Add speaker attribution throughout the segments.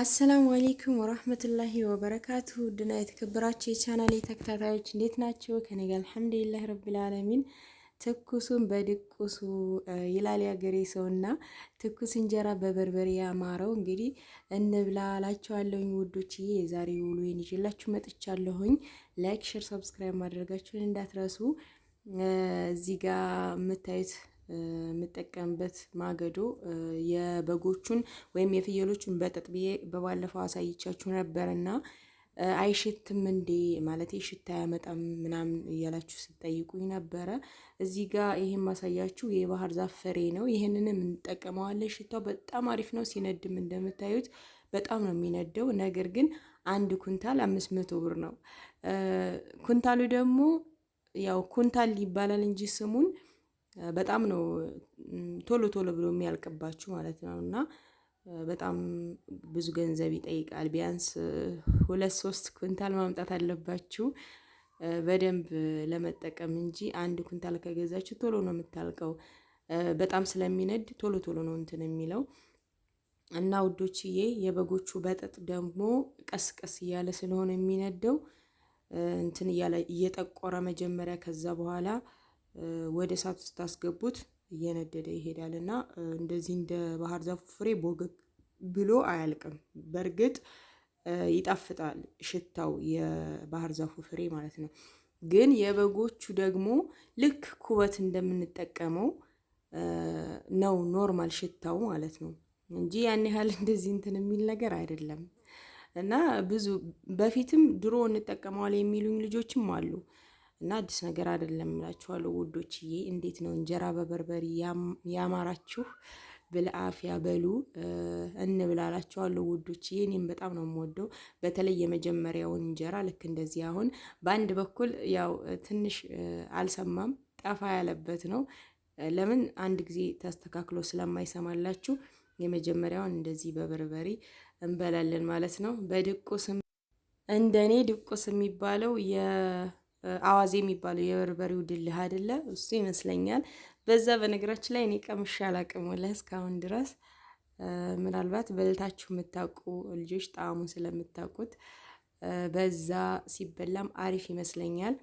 Speaker 1: አሰላሙ አሌይኩም ወራህመቱላሂ ወበረካቱ ድና የተከበራችሁ የቻናል ተከታታዮች እንዴት ናቸው? ከነገ አልሐምዱሊላህ ረቢል ትኩሱን በድቁሱ ይላል ያገሬ ሰውና ትኩስ እንጀራ በበርበሬ ያማረው እንግዲህ እንብላ ላችኋለሁኝ ውዶችዬ። የዛሬ ውሎዬን ይዤላችሁ መጥቻለሁኝ። ላይክ፣ ሼር፣ ሰብስክራይብ ማድረጋችሁን እንዳትረሱ። እዚህ ጋር የምታዩት የምጠቀምበት ማገዶ የበጎቹን ወይም የፍየሎቹን በጥጥ ብዬ በባለፈው አሳይቻችሁ ነበር እና አይሽትም እንዴ ማለት ሽታ ያመጣም ምናምን እያላችሁ ስጠይቁኝ ነበረ። እዚህ ጋር ይሄን ማሳያችሁ የባህር ዛፍ ፍሬ ነው። ይህንንም እንጠቀመዋለን። ሽታው በጣም አሪፍ ነው። ሲነድም እንደምታዩት በጣም ነው የሚነደው። ነገር ግን አንድ ኩንታል አምስት መቶ ብር ነው። ኩንታሉ ደግሞ ያው ኩንታል ይባላል እንጂ ስሙን በጣም ነው ቶሎ ቶሎ ብሎ የሚያልቅባችሁ ማለት ነው እና በጣም ብዙ ገንዘብ ይጠይቃል። ቢያንስ ሁለት ሶስት ኩንታል ማምጣት አለባችሁ በደንብ ለመጠቀም እንጂ አንድ ኩንታል ከገዛችሁ ቶሎ ነው የምታልቀው። በጣም ስለሚነድ ቶሎ ቶሎ ነው እንትን የሚለው እና ውዶችዬ፣ የበጎቹ በጠጥ ደግሞ ቀስ ቀስ እያለ ስለሆነ የሚነደው እንትን እያለ እየጠቆረ መጀመሪያ ከዛ በኋላ ወደ እሳት ስታስገቡት እየነደደ ይሄዳል እና እንደዚህ እንደ ባህር ዛፉ ፍሬ ቦገግ ብሎ አያልቅም። በእርግጥ ይጣፍጣል ሽታው የባህር ዛፉ ፍሬ ማለት ነው። ግን የበጎቹ ደግሞ ልክ ኩበት እንደምንጠቀመው ነው ኖርማል ሽታው ማለት ነው እንጂ ያን ያህል እንደዚህ እንትን የሚል ነገር አይደለም። እና ብዙ በፊትም ድሮ እንጠቀመዋል የሚሉኝ ልጆችም አሉ። እና አዲስ ነገር አይደለም እላችኋለሁ ውዶችዬ። እንዴት ነው እንጀራ በበርበሪ ያማራችሁ? ብልአፍያ በሉ እንብላላችኋለሁ ውዶችዬ። እኔም በጣም ነው የምወደው፣ በተለይ የመጀመሪያውን እንጀራ ልክ እንደዚህ። አሁን በአንድ በኩል ያው ትንሽ አልሰማም፣ ጠፋ ያለበት ነው። ለምን አንድ ጊዜ ተስተካክሎ ስለማይሰማላችሁ የመጀመሪያውን እንደዚህ በበርበሪ እንበላለን ማለት ነው። በድቁስ እንደኔ ድቁስ የሚባለው አዋዜ የሚባለው የበርበሬው ድልህ አይደለ? እሱ ይመስለኛል። በዛ በነገራችን ላይ እኔ ቀምሼ አላቅም ወላሂ እስካሁን ድረስ። ምናልባት በልታችሁ የምታውቁ ልጆች ጣዕሙ ስለምታውቁት በዛ ሲበላም አሪፍ ይመስለኛል።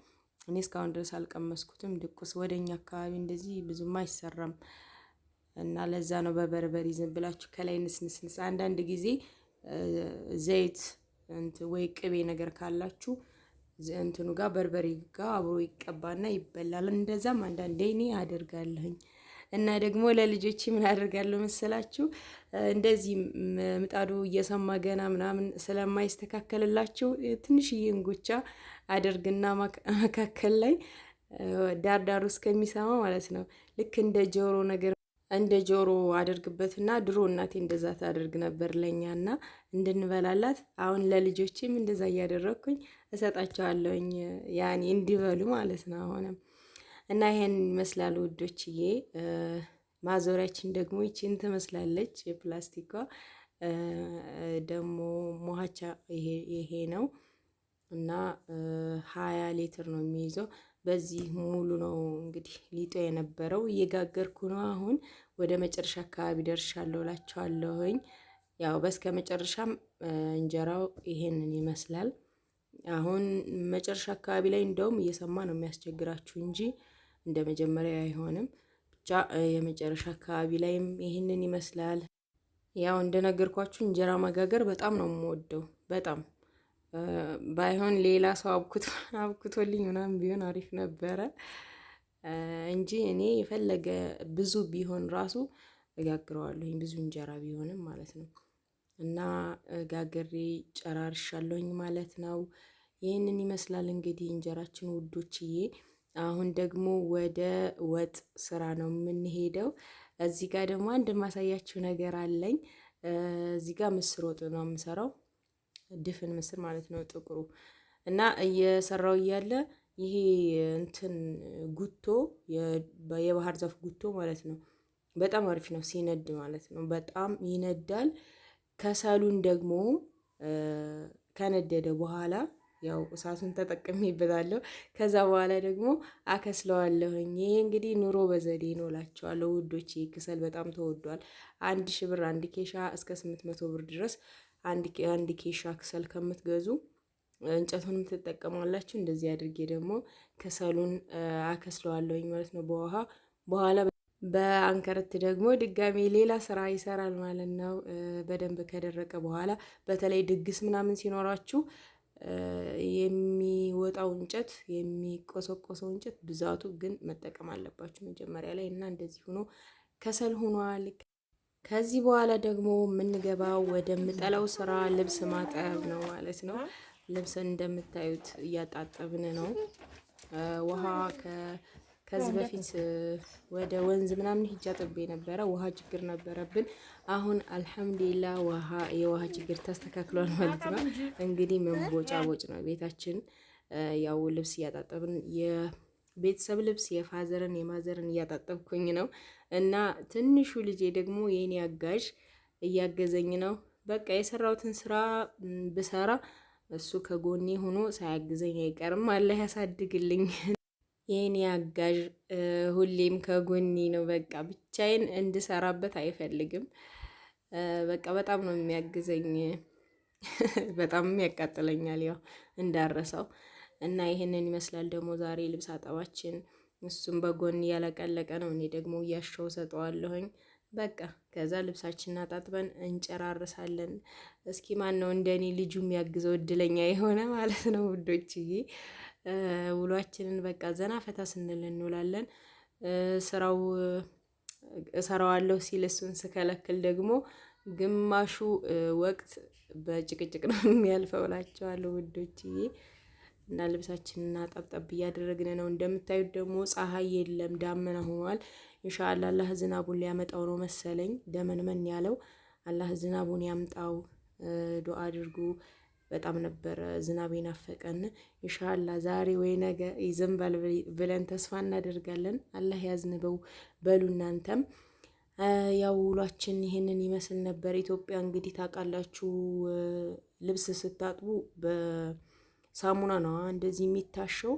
Speaker 1: እኔ እስካሁን ድረስ አልቀመስኩትም። ድቁስ ወደ አካባቢ እንደዚህ ብዙም አይሰራም እና ለዛ ነው በበርበሪ ዝም ብላችሁ ከላይ ንስንስንስ። አንዳንድ ጊዜ ዘይት ወይ ቅቤ ነገር ካላችሁ እንትኑ ጋር በርበሬ ጋር አብሮ ይቀባና ይበላል። እንደዛም አንዳንዴ እኔ አደርጋለሁኝ። እና ደግሞ ለልጆች ምን አደርጋለሁ መሰላችሁ? እንደዚህ ምጣዱ እየሰማ ገና ምናምን ስለማይስተካከልላቸው ትንሽዬ እንጎቻ አደርግና መካከል ላይ ዳርዳሩ እስከሚሰማ ማለት ነው። ልክ እንደ ጆሮ ነገር እንደ ጆሮ አደርግበትና ድሮ እናቴ እንደዛ ታደርግ ነበር ለእኛና እንድንበላላት። አሁን ለልጆቼም እንደዛ እያደረግኩኝ እሰጣቸዋለሁኝ ያኔ እንዲበሉ ማለት ነው። አሁንም እና ይሄን ይመስላል ውዶችዬ። ማዞሪያችን ደግሞ ይችን ትመስላለች። የፕላስቲኳ ደግሞ ሞሀቻ ይሄ ነው እና ሀያ ሊትር ነው የሚይዘው። በዚህ ሙሉ ነው እንግዲህ ሊጦ የነበረው እየጋገርኩ ነው። አሁን ወደ መጨረሻ አካባቢ ደርሻለሁ ላቸዋለሁኝ። ያው በስከ መጨረሻም እንጀራው ይሄንን ይመስላል። አሁን መጨረሻ አካባቢ ላይ እንደውም እየሰማ ነው የሚያስቸግራችሁ እንጂ እንደ መጀመሪያ አይሆንም። ብቻ የመጨረሻ አካባቢ ላይም ይህንን ይመስላል። ያው እንደነገርኳችሁ እንጀራ መጋገር በጣም ነው የምወደው። በጣም ባይሆን ሌላ ሰው አብኩቶልኝ ምናምን ቢሆን አሪፍ ነበረ እንጂ እኔ የፈለገ ብዙ ቢሆን ራሱ እጋግረዋለሁኝ ብዙ እንጀራ ቢሆንም ማለት ነው። እና ጋግሬ ጨራርሻለሁኝ ማለት ነው። ይህንን ይመስላል እንግዲህ እንጀራችን ውዶችዬ። አሁን ደግሞ ወደ ወጥ ስራ ነው የምንሄደው። እዚህ ጋር ደግሞ አንድ ማሳያችሁ ነገር አለኝ። እዚህ ጋር ምስር ወጥ ነው የምሰራው፣ ድፍን ምስር ማለት ነው ጥቁሩ። እና እየሰራው እያለ ይሄ እንትን ጉቶ የባህር ዛፍ ጉቶ ማለት ነው። በጣም አሪፍ ነው ሲነድ ማለት ነው። በጣም ይነዳል። ከሰሉን ደግሞ ከነደደ በኋላ ያው እሳቱን ተጠቅሜበታለሁ። ከዛ በኋላ ደግሞ አከስለዋለሁኝ። ይሄ እንግዲህ ኑሮ በዘዴ ነው እላቸዋለሁ ውዶች። ክሰል በጣም ተወዷል። አንድ ሽብር ብር አንድ ኬሻ እስከ ስምንት መቶ ብር ድረስ አንድ ኬሻ ክሰል ከምትገዙ እንጨቱንም ትጠቀማላችሁ። እንደዚህ አድርጌ ደግሞ ክሰሉን አከስለዋለሁኝ ማለት ነው በውሃ በኋላ በአንከርት ደግሞ ድጋሜ ሌላ ስራ ይሰራል ማለት ነው። በደንብ ከደረቀ በኋላ በተለይ ድግስ ምናምን ሲኖራችሁ የሚወጣው እንጨት የሚቆሰቆሰው እንጨት ብዛቱ ግን መጠቀም አለባችሁ መጀመሪያ ላይ እና እንደዚህ ሆኖ ከሰል ሆኗል። ከዚህ በኋላ ደግሞ የምንገባው ወደምጠላው ስራ ልብስ ማጠብ ነው ማለት ነው። ልብስን እንደምታዩት እያጣጠብን ነው ውሃ ከዚህ በፊት ወደ ወንዝ ምናምን ሂጃ ጥቤ ነበረ። ውሃ ችግር ነበረብን። አሁን አልሐምዱሊላ ውሃ የውሃ ችግር ተስተካክሏል ማለት ነው። እንግዲህ መንቦጫ ቦጭ ነው ቤታችን። ያው ልብስ እያጣጠብን የቤተሰብ ልብስ የፋዘርን የማዘርን እያጣጠብኩኝ ነው እና ትንሹ ልጄ ደግሞ የኔ አጋዥ እያገዘኝ ነው። በቃ የሰራሁትን ስራ ብሰራ እሱ ከጎኔ ሆኖ ሳያግዘኝ አይቀርም። አላህ ያሳድግልኝ። የኔ አጋዥ ሁሌም ከጎኒ ነው። በቃ ብቻዬን እንድሰራበት አይፈልግም። በቃ በጣም ነው የሚያግዘኝ፣ በጣም ያቃጥለኛል። ያው እንዳረሰው እና ይህንን ይመስላል ደግሞ ዛሬ ልብስ አጠባችን። እሱም በጎን እያለቀለቀ ነው፣ እኔ ደግሞ እያሸው ሰጠዋለሁኝ። በቃ ከዛ ልብሳችንን አጣጥበን እንጨራርሳለን። እስኪ ማን ነው እንደኔ ልጁ የሚያግዘው እድለኛ የሆነ ማለት ነው ውዶችዬ። ውሏችንን በቃ ዘና ፈታ ስንል እንውላለን። ስራው እሰራዋለሁ ሲል እሱን ስከለክል ደግሞ ግማሹ ወቅት በጭቅጭቅ ነው የሚያልፈው እላቸዋለሁ ውዶችዬ። እና ልብሳችንን አጣብጣብ እያደረግን ነው። እንደምታዩት ደግሞ ፀሐይ የለም ዳመና ሆኗል። እንሻላ አላህ ዝናቡን ሊያመጣው ነው መሰለኝ። ደመንመን ያለው አላህ ዝናቡን ያምጣው። ዱአ አድርጉ። በጣም ነበረ ዝናብ የናፈቀን። ኢንሻአላ ዛሬ ወይ ነገ ይዘንባል ብለን ተስፋ እናደርጋለን። አላህ ያዝንበው በሉ እናንተም። ያው ውሏችን ይህንን ይመስል ነበር። ኢትዮጵያ እንግዲህ ታውቃላችሁ፣ ልብስ ስታጥቡ በሳሙና ነው እንደዚህ የሚታሸው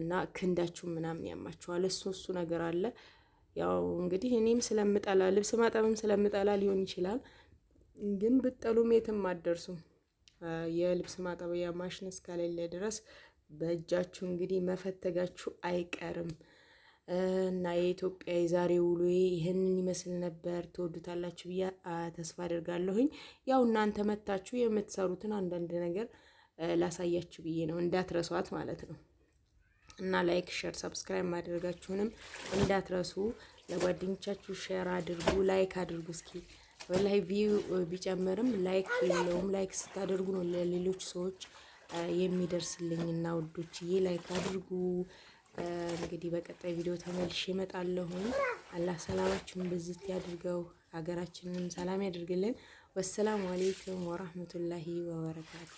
Speaker 1: እና ክንዳችሁ ምናምን ያማችኋል። እሱ እሱ ነገር አለ። ያው እንግዲህ እኔም ስለምጠላ ልብስ ማጠብም ስለምጠላ ሊሆን ይችላል። ግን ብጠሉም የትም አደርሱም። የልብስ ማጠቢያ ማሽን እስከሌለ ድረስ በእጃችሁ እንግዲህ መፈተጋችሁ አይቀርም እና የኢትዮጵያ የዛሬ ውሎ ይህንን ይመስል ነበር። ትወዱታላችሁ ብዬ ተስፋ አድርጋለሁኝ። ያው እናንተ መታችሁ የምትሰሩትን አንዳንድ ነገር ላሳያችሁ ብዬ ነው፣ እንዳትረሷት ማለት ነው። እና ላይክ፣ ሸር ሰብስክራይብ ማድረጋችሁንም እንዳትረሱ። ለጓደኞቻችሁ ሼር አድርጉ፣ ላይክ አድርጉ እስኪ በላይ ቪው ቢጨምርም ላይክ የለውም። ላይክ ስታደርጉ ነው ለሌሎች ሰዎች የሚደርስልኝ እና ውዶች ውዶችዬ ላይክ አድርጉ። እንግዲህ በቀጣይ ቪዲዮ ተመልሼ እመጣለሁ። አላህ ሰላማችሁን ብዝት ያድርገው፣ ሀገራችንንም ሰላም ያድርግልን። ወሰላሙ አሌይኩም ወራህመቱላሂ ወበረካቱ